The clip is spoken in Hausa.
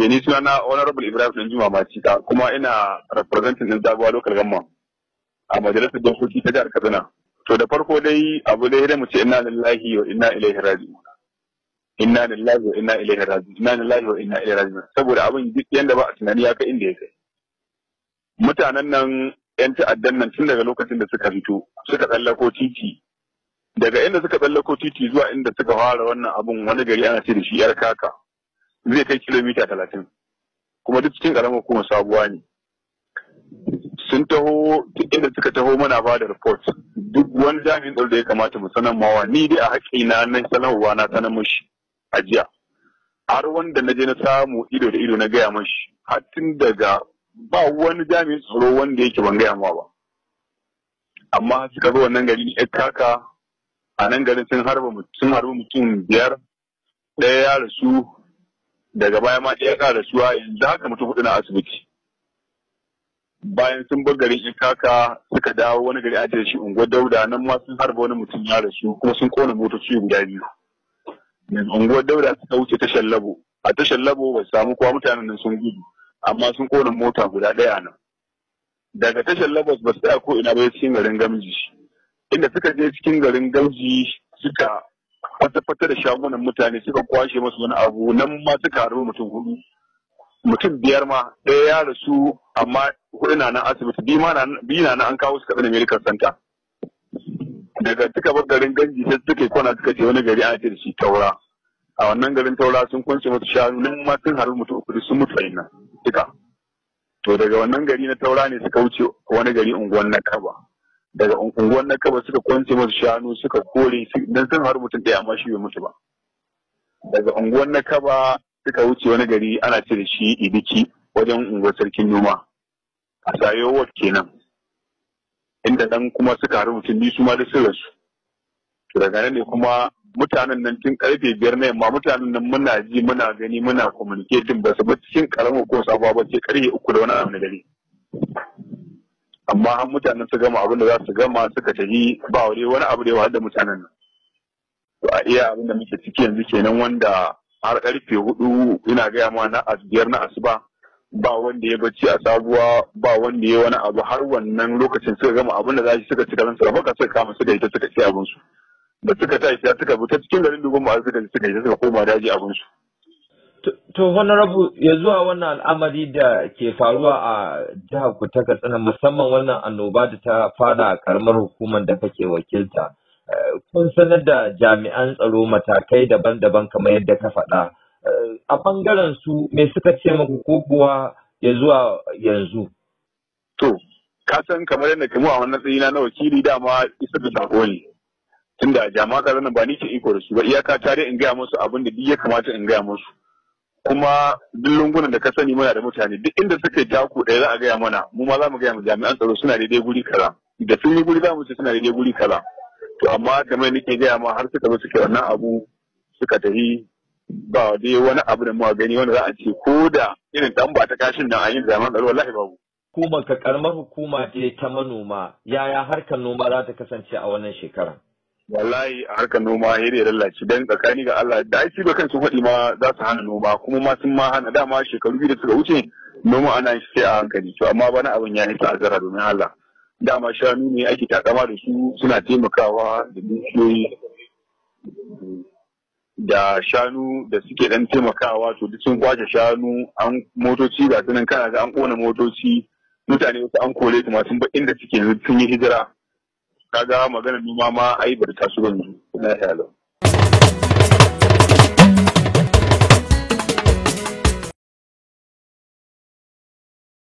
Ke ni suna na Honorable Ibrahim Danjuma Macita kuma ina representing din Zabuwa Local Gamma a majalisar dokoki ta jihar Katsina. To da farko dai abu dai da mu ce inna lillahi wa inna ilaihi raji'un. Inna lillahi wa inna ilaihi raji'un. Inna lillahi wa inna ilaihi raji'un. Saboda abin duk yanda ba a tunani ya kai inda ya kai. Mutanen nan 'yan ta'addan nan tun daga lokacin da suka fito suka tsallako titi daga inda suka tsallako titi zuwa inda suka fara wannan abun wani gari ana ce da shi yar kaka zai kai kilomita talatin kuma duk cikin karamar kuma sabuwa ne sun taho inda suka taho mana ba da report duk wani jami'in tsaro da ya kamata mu sanar mawa ni dai a haƙƙina na sanarwa na sanar mashi. a jiya har wanda na je na samu ido da ido na gaya mashi har tun daga ba wani jami'in tsaro wanda yake ban gaya ma ba amma suka zo wannan gari ya kaka a nan garin sun harba mutum biyar ɗaya ya rasu daga baya ma ya ƙara suwa yanzu haka mutum hudu na asibiti bayan sun bar garin ikaka suka dawo wani gari ajiye shi unguwar dauda nan ma sun harba wani mutum ya rasu kuma sun kona motoci guda biyu yanzu unguwar dauda suka wuce tashar labo a tashar labo ba samu kowa mutanen nan sun gudu amma sun kona mota guda ɗaya nan daga tashar labo ba su tsaya ko ina ba cikin garin gamji inda suka je cikin garin gamji suka an tabbatar da shagunan mutane suka kwashe masu wani abu nan ma suka harbi mutum hudu mutum biyar ma ɗaya ya rasu amma hudu na nan asibiti biyu na nan an kawo su kaɗan medical center daga suka bar garin ganji sai suka kwana suka ce wani gari an ce da shi taura a wannan garin taura sun kunce musu shanu nan ma sun harbi mutum hudu sun mutu a nan duka to daga wannan gari na taura ne suka wuce wani gari unguwan na kaba daga unguwar na kaba suka kwance masu shanu suka kore don sun har mutum ɗaya amma shi bai mutu ba daga unguwar na kaba suka wuce wani gari ana ce da shi idiki wajen unguwar sarkin noma a sayo wat kenan inda nan kuma suka haru mutum biyu su ma da sun rasu to daga nan ne kuma mutanen nan tun karfe biyar na yamma mutanen nan muna ji muna gani muna communicating ba su ba cikin karamin ko sabuwa ba sai karfe uku da wani abu na gari. amma har mutanen su gama abin da za su gama suka tafi ba wani abu da ya da mutanen nan to a iya abin da muke ciki yanzu kenan wanda har karfe hudu ina gaya ma na asibiyar na asuba ba wanda ya bacci a sabuwa ba wanda ya wani abu har wannan lokacin suka gama abin da za su suka ci garin sarfaka suka kama suka ita suka ci abin su da suka tashi suka bi ta cikin garin dogon ba suka suka ita suka koma daji abin su To honorable ya zuwa wannan al'amari da ke faruwa a jihar ku ta Katsina musamman wannan annoba da ta fara a karamar hukumar da kake wakilta. Eh, kun sanar da jami'an tsaro matakai daban-daban kamar yadda ka faɗa. Eh, a bangaren su me suka ce maku ko kuwa ya zuwa yanzu? To, ka san kamar yadda kamu wannan tsayina na wakili dama isar da sako ne. Tunda jama'a tsaron ba ni ke iko da su ba iyaka tare in gaya musu abin da duk ya kamata in gaya musu. kuma duk lungunan da ka sani muna da mutane duk inda suka ja ku ɗaya za a gaya mana mu ma za mu gaya mu jami'an tsaro suna daidai guri kaza da sun yi guri za mu ce suna daidai guri kaza to amma kamar nake gaya ma har suka zo suke wannan abu suka tafi ba dai wani abu da muka gani wanda za a ce ko da irin dan ba ta kashin nan an yi zaman tsaro wallahi babu hukumar ka karamar hukuma ce ta manoma yaya harkar noma za ta kasance a wannan shekarar? wallahi a harkar noma ya da lallaci dan tsakani ga Allah da aiki ba kan faɗi ma za su hana noma kuma ma sun ma hana dama shekaru biyu da suka wuce noma ana shi sai a hankali to amma bana abin ya yi azara domin Allah dama shanu ne ake takama da su suna taimakawa da dukiyoyi da shanu da suke dan taimakawa to duk sun kwace shanu an motoci ga sunan kana ga an kona motoci mutane wasu an kore su masu ba da suke sun yi hijira kaga maganar noma ma ai bar ta su yanzu na yalo